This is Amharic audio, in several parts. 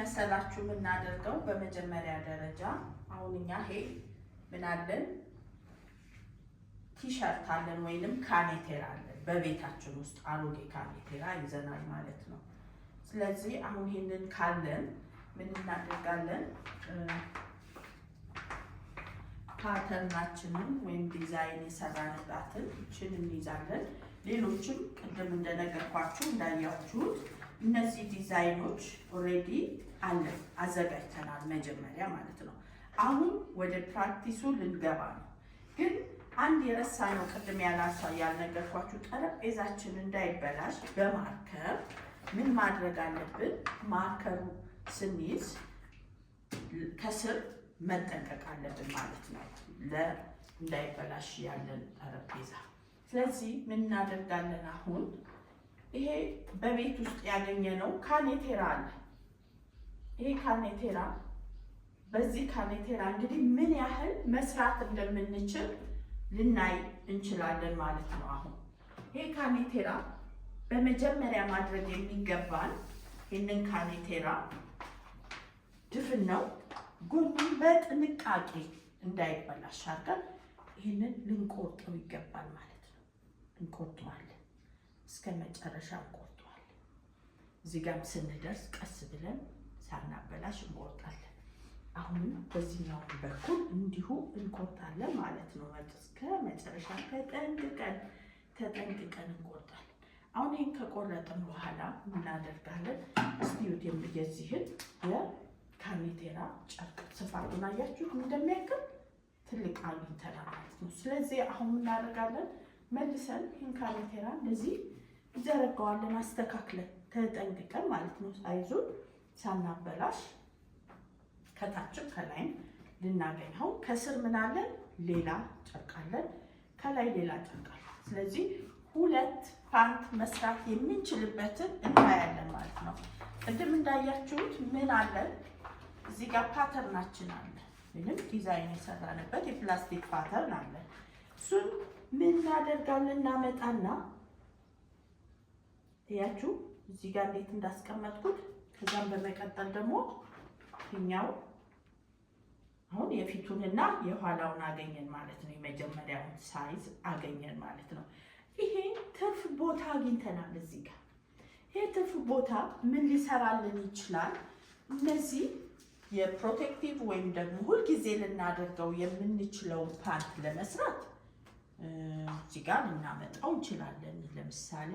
መሰላችሁ የምናደርገው በመጀመሪያ ደረጃ አሁን እኛ ይሄ ምናለን ቲሸርት አለን ወይንም ካኔቴራ አለን በቤታችን ውስጥ አሮጌ ካኔቴራ ይዘናል ማለት ነው። ስለዚህ አሁን ይህንን ካለን ምን እናደርጋለን? ፓተርናችንን ወይም ዲዛይን የሰራንባትን እችን እንይዛለን። ሌሎችም ቅድም እንደነገርኳችሁ እንዳያችሁት እነዚህ ዲዛይኖች ኦልሬዲ አለ አዘጋጅተናል፣ መጀመሪያ ማለት ነው። አሁን ወደ ፕራክቲሱ ልንገባ ነው። ግን አንድ ነው ቅድም ያላሳ ያልነገርኳችሁ ጠረጴዛችን እንዳይበላሽ በማርከር ምን ማድረግ አለብን? ማርከሩ ስንይዝ ከስር መጠንቀቅ አለብን ማለት ነው፣ ለእንዳይበላሽ ያለን ጠረጴዛ። ስለዚህ ምን እናደርጋለን አሁን ይሄ በቤት ውስጥ ያገኘ ነው። ካኔቴራ አለ። ይሄ ካኔቴራ በዚህ ካኔቴራ እንግዲህ ምን ያህል መስራት እንደምንችል ልናይ እንችላለን ማለት ነው። አሁን ይሄ ካኔቴራ በመጀመሪያ ማድረግ የሚገባን ይህንን ካኔቴራ ድፍን ነው። ጉንዱን በጥንቃቄ እንዳይበላሽ አድርገን ይህንን ልንቆርጠው ይገባል ማለት ነው። እንቆርጠዋለን እስከ መጨረሻ እንቆርጠዋለን። እዚህ ጋም ስንደርስ ቀስ ብለን ሳናበላሽ እንቆርጣለን። አሁን በዚህኛው በኩል እንዲሁ እንቆርጣለን ማለት ነው። እስከ መጨረሻ ተጠንቅቀን ተጠንቅቀን እንቆርጣለን። አሁን ይህን ከቆረጥን በኋላ እናደርጋለን። እስኪዩት የዚህን የካሜቴራ ጨርቅ ስፋቱን አያችሁት እንደሚያክል ትልቅ አሉ ማለት ነው። ስለዚህ አሁን እናደርጋለን መልሰን ይህን ካራቴራ እንደዚህ እንዘረጋዋለን፣ አስተካክለን ተጠንቅቀን ማለት ነው። ሳይዙን ሳናበላሽ ከታችም ከላይም ልናገኘው። ከስር ምናለን ሌላ ጨርቃለን፣ ከላይ ሌላ ጨርቃለን። ስለዚህ ሁለት ፓንት መስራት የምንችልበትን እናያለን ማለት ነው። ቅድም እንዳያችሁት ምን አለን እዚህ ጋር ፓተርናችን አለ፣ ምንም ዲዛይን የሰራንበት የፕላስቲክ ፓተርን አለ እሱን ምን እናደርጋለን? እናመጣና እያችሁ እዚህ ጋር እንዴት እንዳስቀመጥኩት። ከዛም በመቀጠል ደግሞ ፊኛው አሁን የፊቱንና የኋላውን አገኘን ማለት ነው። የመጀመሪያውን ሳይዝ አገኘን ማለት ነው። ይሄ ትርፍ ቦታ አግኝተናል እዚህ ጋር። ይሄ ትርፍ ቦታ ምን ሊሰራልን ይችላል? እነዚህ የፕሮቴክቲቭ ወይም ደግሞ ሁልጊዜ ልናደርገው የምንችለውን ፓርት ለመስራት እዚህ ጋር ልናመጣው እንችላለን። ለምሳሌ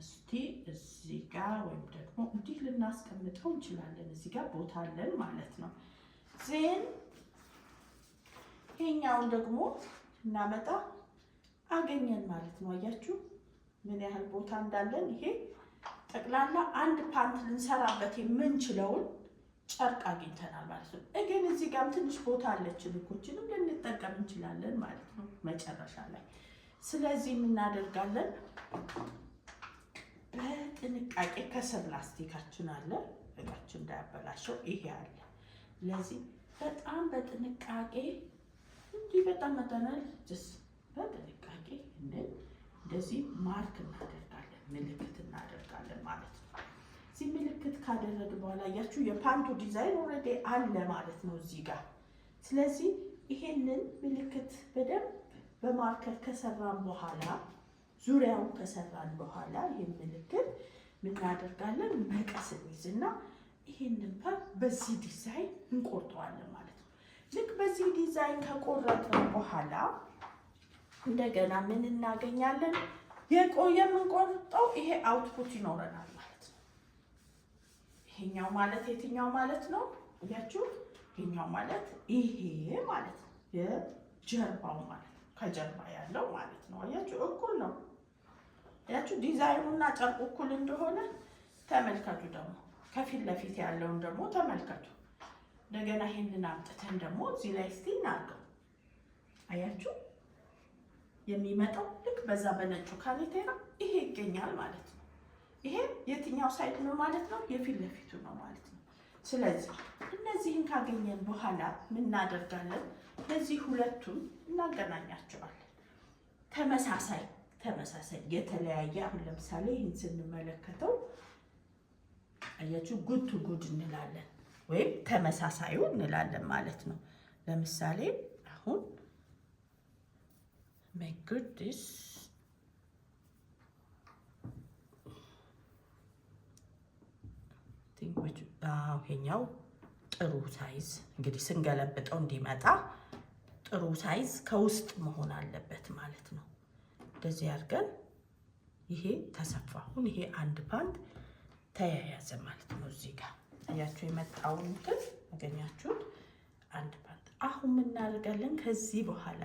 እስቲ እዚህ ጋር ወይም ደግሞ እንዲህ ልናስቀምጠው እንችላለን። እዚህ ጋር ቦታ አለን ማለት ነው። ዜን ይሄኛውን ደግሞ እናመጣ አገኘን ማለት ነው። አያችሁ ምን ያህል ቦታ እንዳለን። ይሄ ጠቅላላ አንድ ፓንት ልንሰራበት የምንችለውን ጨርቅ አግኝተናል ማለት ነው። ግን እዚህ ጋርም ትንሽ ቦታ አለችን፣ ልኮችንም ልንጠቀም እንችላለን ማለት ነው መጨረሻ ላይ። ስለዚህ የምናደርጋለን በጥንቃቄ ከስር ላስቲካችን አለ፣ እቃችን እንዳያበላሸው ይሄ አለ። ስለዚህ በጣም በጥንቃቄ እንዲህ በጣም መጠናል ስ በጥንቃቄ እንደዚህ ማርክ እናደርጋለን፣ ምልክት እናደርጋለን ማለት ነው። እዚህ ምልክት ካደረግ በኋላ እያችሁ የፓንቱ ዲዛይን ኦልሬዲ አለ ማለት ነው እዚህ ጋር። ስለዚህ ይሄንን ምልክት በደንብ በማርከር ከሰራን በኋላ ዙሪያውን ከሰራን በኋላ ይህን ምልክት ምናደርጋለን መቀስ እንይዝና ይሄንን ፓርት በዚህ ዲዛይን እንቆርጠዋለን ማለት ነው። ልክ በዚህ ዲዛይን ከቆረጥን በኋላ እንደገና ምን እናገኛለን? የቆየ የምንቆርጠው ይሄ አውትፑት ይኖረናል። ይሄኛው ማለት የትኛው ማለት ነው? እያችሁ ይሄኛው ማለት ይሄ ማለት ነው። የጀርባው ማለት ነው። ከጀርባ ያለው ማለት ነው። እያችሁ እኩል ነው። አያችሁ ዲዛይኑና ጨርቁ እኩል እንደሆነ ተመልከቱ። ደግሞ ከፊት ለፊት ያለውን ደግሞ ተመልከቱ። እንደገና ይህንን አምጥተን ደግሞ እዚህ ላይ እስቲ እናርገው። አያችሁ የሚመጣው ልክ በዛ በነጩ ካሌቴራ ይሄ ይገኛል ማለት ነው። ይሄ የትኛው ሳይድ ነው ማለት ነው? የፊት ለፊቱ ነው ማለት ነው። ስለዚህ እነዚህን ካገኘን በኋላ ምናደርጋለን? ለዚህ ሁለቱን እናገናኛቸዋለን። ተመሳሳይ ተመሳሳይ የተለያየ አሁን ለምሳሌ ይህን ስንመለከተው አያችሁ፣ ጉድ ቱ ጉድ እንላለን ወይም ተመሳሳዩ እንላለን ማለት ነው። ለምሳሌ አሁን ማይ ጉድስ ይሄኛው ጥሩ ሳይዝ እንግዲህ ስንገለብጠው እንዲመጣ ጥሩ ሳይዝ ከውስጥ መሆን አለበት ማለት ነው። እንደዚህ አድርገን ይሄ ተሰፋ። አሁን ይሄ አንድ ፓንት ተያያዘ ማለት ነው። እዚህ ጋር እያችሁ የመጣውን እንትን ያገኛችሁት አንድ ባንድ። አሁን የምናደርጋለን ከዚህ በኋላ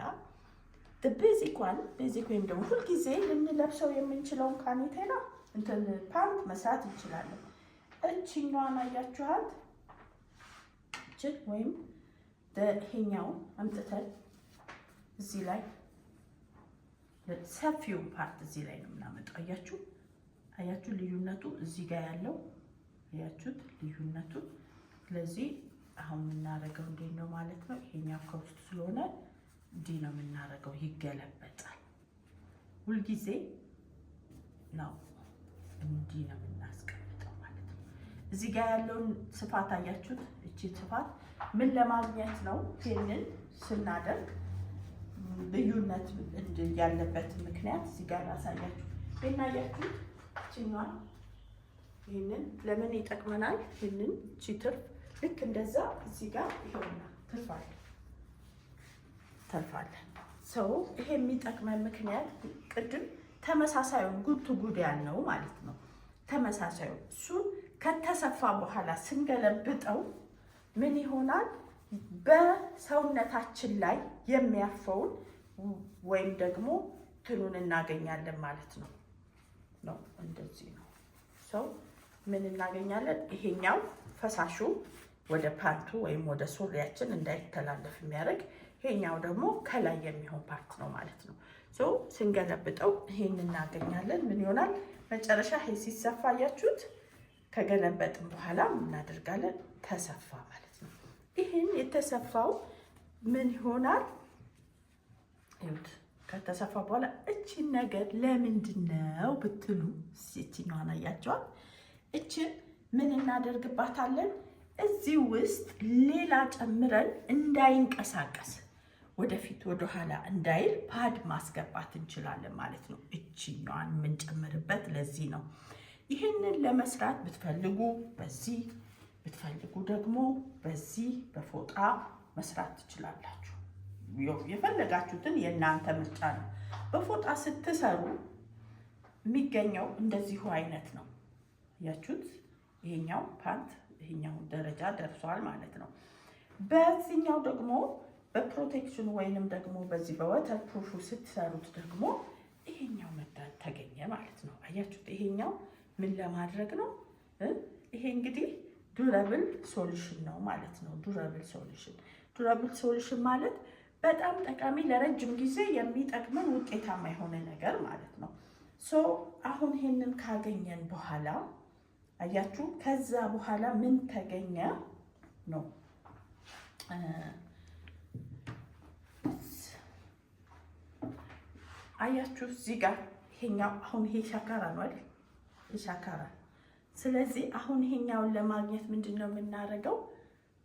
ቤዚኳን ቤዚክ ወይም ደግሞ ሁልጊዜ ልንለብሰው የምንችለውን ካኔቴና እንትን ፓንት መስራት እንችላለን። እችኛዋን አያችኋት? እችን ወይም ይሄኛውን አምጥተን እዚህ ላይ ሰፊውን ፓርት እዚህ ላይ ነው የምናመጣው። አያችሁ አያችሁ ልዩነቱ እዚህ ጋር ያለው አያችሁት ልዩነቱ። ስለዚህ አሁን የምናደርገው እንዴት ነው ማለት ነው። ይሄኛው ከውስጡ ስለሆነ እንዲህ ነው የምናደርገው፣ ይገለበጣል። ሁልጊዜ ነው እንዲህ ነው እዚህ ጋር ያለውን ስፋት አያችሁት? እቺ ስፋት ምን ለማግኘት ነው? ይህንን ስናደርግ ልዩነት ያለበት ምክንያት እዚህ ጋር ላሳያችሁ። ይህን አያችሁት? እችኛዋን ይህንን ለምን ይጠቅመናል? ይህንን እቺ ትርፍ ልክ እንደዛ እዚህ ጋር ይሆና ትርፋለ ተርፋለ ሰው ይሄ የሚጠቅመን ምክንያት ቅድም ተመሳሳዩን ጉድ ቱ ጉድ ያልነው ማለት ነው። ተመሳሳዩ እሱ ከተሰፋ በኋላ ስንገለብጠው ምን ይሆናል? በሰውነታችን ላይ የሚያርፈውን ወይም ደግሞ ትኑን እናገኛለን ማለት ነው። ነው እንደዚህ ነው። ሰው ምን እናገኛለን? ይሄኛው ፈሳሹ ወደ ፓንቱ ወይም ወደ ሱሪያችን እንዳይተላለፍ የሚያደርግ ይሄኛው ደግሞ ከላይ የሚሆን ፓርት ነው ማለት ነው። ስንገለብጠው ይሄን እናገኛለን። ምን ይሆናል መጨረሻ? ይሄ ሲሰፋ አያችሁት? ከገለበጥን በኋላ እናደርጋለን ተሰፋ ማለት ነው። ይህን የተሰፋው ምን ይሆናል? ከተሰፋ በኋላ እቺ ነገር ለምንድን ነው ብትሉ ሲቲኛዋን አያቸዋል። እችን ምን እናደርግባታለን? እዚህ ውስጥ ሌላ ጨምረን እንዳይንቀሳቀስ ወደፊት ወደኋላ እንዳይል ፓድ ማስገባት እንችላለን ማለት ነው። እችኛዋን የምንጨምርበት ለዚህ ነው። ይህንን ለመስራት ብትፈልጉ በዚህ ብትፈልጉ ደግሞ በዚህ በፎጣ መስራት ትችላላችሁ። የፈለጋችሁትን የእናንተ ምርጫ ነው። በፎጣ ስትሰሩ የሚገኘው እንደዚሁ አይነት ነው። ያችሁት ይሄኛው ፓንት ይሄኛው ደረጃ ደርሷል ማለት ነው። በዚህኛው ደግሞ በፕሮቴክሽን ወይንም ደግሞ በዚህ በወተር ፕሩፉ ስትሰሩት ደግሞ ይሄኛው መዳል ተገኘ ማለት ነው። አያችሁት ይሄኛው ምን ለማድረግ ነው? ይሄ እንግዲህ ዱረብል ሶሉሽን ነው ማለት ነው። ዱረብል ሶሉሽን ዱረብል ሶሉሽን ማለት በጣም ጠቃሚ ለረጅም ጊዜ የሚጠቅመን ውጤታማ የሆነ ነገር ማለት ነው። ሶ አሁን ይሄንን ካገኘን በኋላ አያችሁ፣ ከዛ በኋላ ምን ተገኘ ነው አያችሁ፣ እዚህ ጋር ይሄኛው አሁን ይሄ ሸካራ ነው አይደል? ሻካራ። ስለዚህ አሁን ይሄኛውን ለማግኘት ምንድን ነው የምናደርገው?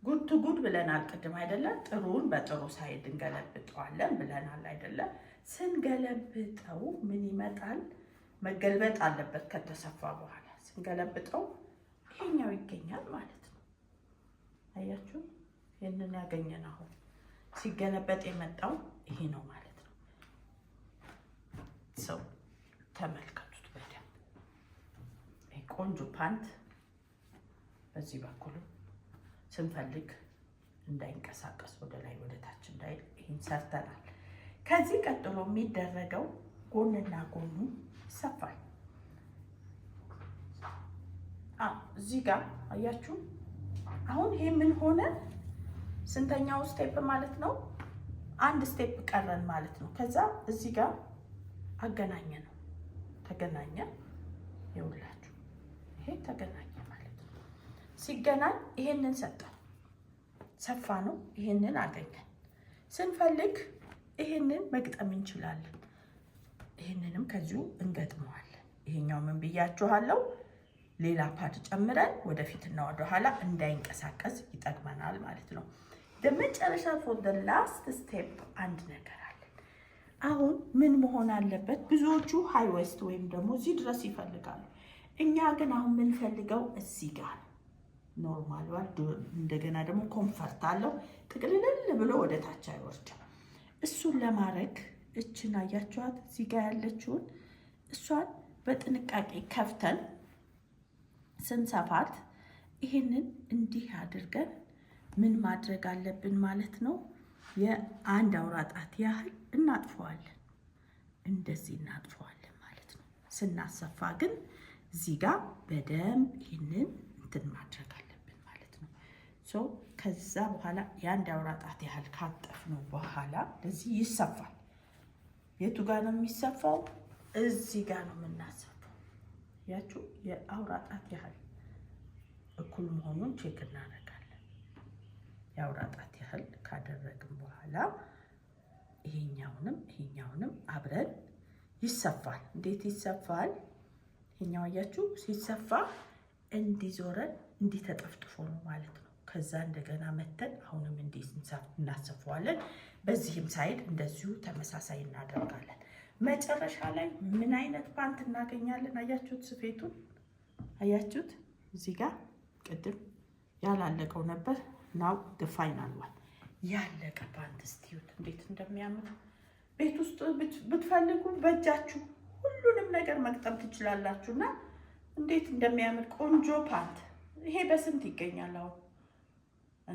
ጉድ ቱ ጉድ ብለናል ቅድም አይደለም? ጥሩን በጥሩ ሳይድ እንገለብጠዋለን ብለናል አይደለም? ስንገለብጠው ምን ይመጣል? መገልበጥ አለበት ከተሰፋ በኋላ ስንገለብጠው ይሄኛው ይገኛል ማለት ነው። አያችሁ፣ ይህንን ያገኘን አሁን ሲገለበጥ የመጣው ይሄ ነው ማለት ነው። ሰው ተመልክ ቆንጆ ፓንት በዚህ በኩል ስንፈልግ እንዳይንቀሳቀስ ወደ ላይ ወደ ታች እንዳይል ይህን ሰርተናል። ከዚህ ቀጥሎ የሚደረገው ጎንና ጎኑ ይሰፋል። እዚህ ጋር አያችሁ። አሁን ይሄ ምን ሆነ? ስንተኛው ስቴፕ ማለት ነው? አንድ ስቴፕ ቀረን ማለት ነው። ከዛ እዚህ ጋር አገናኘ ነው ተገናኘ ይውላል ይሄ ተገናኘ ማለት ነው። ሲገናኝ ይሄንን ሰጠው ሰፋ ነው። ይሄንን አገኘን። ስንፈልግ ይሄንን መግጠም እንችላለን። ይሄንንም ከዚሁ እንገጥመዋለን። ይሄኛው ምን ብያችኋለሁ? ሌላ ፓርት ጨምረን ወደፊትና ወደኋላ እንዳይንቀሳቀስ ይጠቅመናል ማለት ነው። በመጨረሻ ፎር ደ ላስት ስቴፕ አንድ ነገር አለን። አሁን ምን መሆን አለበት? ብዙዎቹ ሃይ ዌስት ወይም ደግሞ እዚህ ድረስ ይፈልጋሉ። እኛ ግን አሁን የምንፈልገው እዚህ ጋር ኖርማል ዋርድ እንደገና ደግሞ ኮንፈርት አለው። ጥቅልልል ብሎ ወደ ታች አይወርድም። እሱን ለማድረግ እችን አያችኋት፣ እዚህ ጋር ያለችውን እሷን በጥንቃቄ ከፍተን ስንሰፋት ይህንን እንዲህ አድርገን ምን ማድረግ አለብን ማለት ነው። የአንድ አውራ ጣት ያህል እናጥፈዋለን። እንደዚህ እናጥፈዋለን ማለት ነው። ስናሰፋ ግን እዚህ ጋር በደንብ ይህንን እንትን ማድረግ አለብን ማለት ነው። ሶ ከዛ በኋላ የአንድ አውራ ጣት ያህል ካጠፍ ነው በኋላ እዚህ ይሰፋል። የቱ ጋር ነው የሚሰፋው? እዚህ ጋር ነው የምናሰፋው። ያችሁ የአውራ ጣት ያህል እኩል መሆኑን ቼክ እናደርጋለን። የአውራ ጣት ያህል ካደረግን በኋላ ይሄኛውንም ይሄኛውንም አብረን ይሰፋል። እንዴት ይሰፋል? ይሄኛው አያችሁ ሲሰፋ እንዲዞረን እንዲተጠፍጥፎ ነው ማለት ነው። ከዛ እንደገና መተን አሁንም እንዲህ እናሰፋዋለን። በዚህም ሳይድ እንደዚሁ ተመሳሳይ እናደርጋለን። መጨረሻ ላይ ምን አይነት ፓንት እናገኛለን? አያችሁት? ስፌቱን አያችሁት? እዚህ ጋር ቅድም ያላለቀው ነበር። ናው ፋይናል ዋን ያለቀ ፓንት እስቲዩት እንዴት እንደሚያምር ቤት ውስጥ ብትፈልጉ በእጃችሁ ሁሉንም ነገር መቅጠም ትችላላችሁ። እና እንዴት እንደሚያምር ቆንጆ ፓንት ይሄ በስንት ይገኛል? አሁን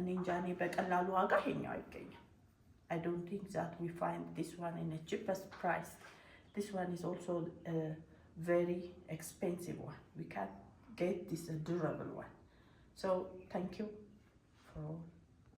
እኔ እንጃ። እኔ በቀላሉ ዋጋ ይሄኛው ይገኛል። አይ ዶንት ቲንክ ዛት ዊ ፋይንድ ዲስ ዋን ኢን ቺፐስት ፕራይስ ዲስ ዋን ኢዝ ኦልሶ ቬሪ ኤክስፔንሲቭ ዋን ዊ ካን ጌት ዲስ ዱራብል ዋን ሶ ታንክ ዩ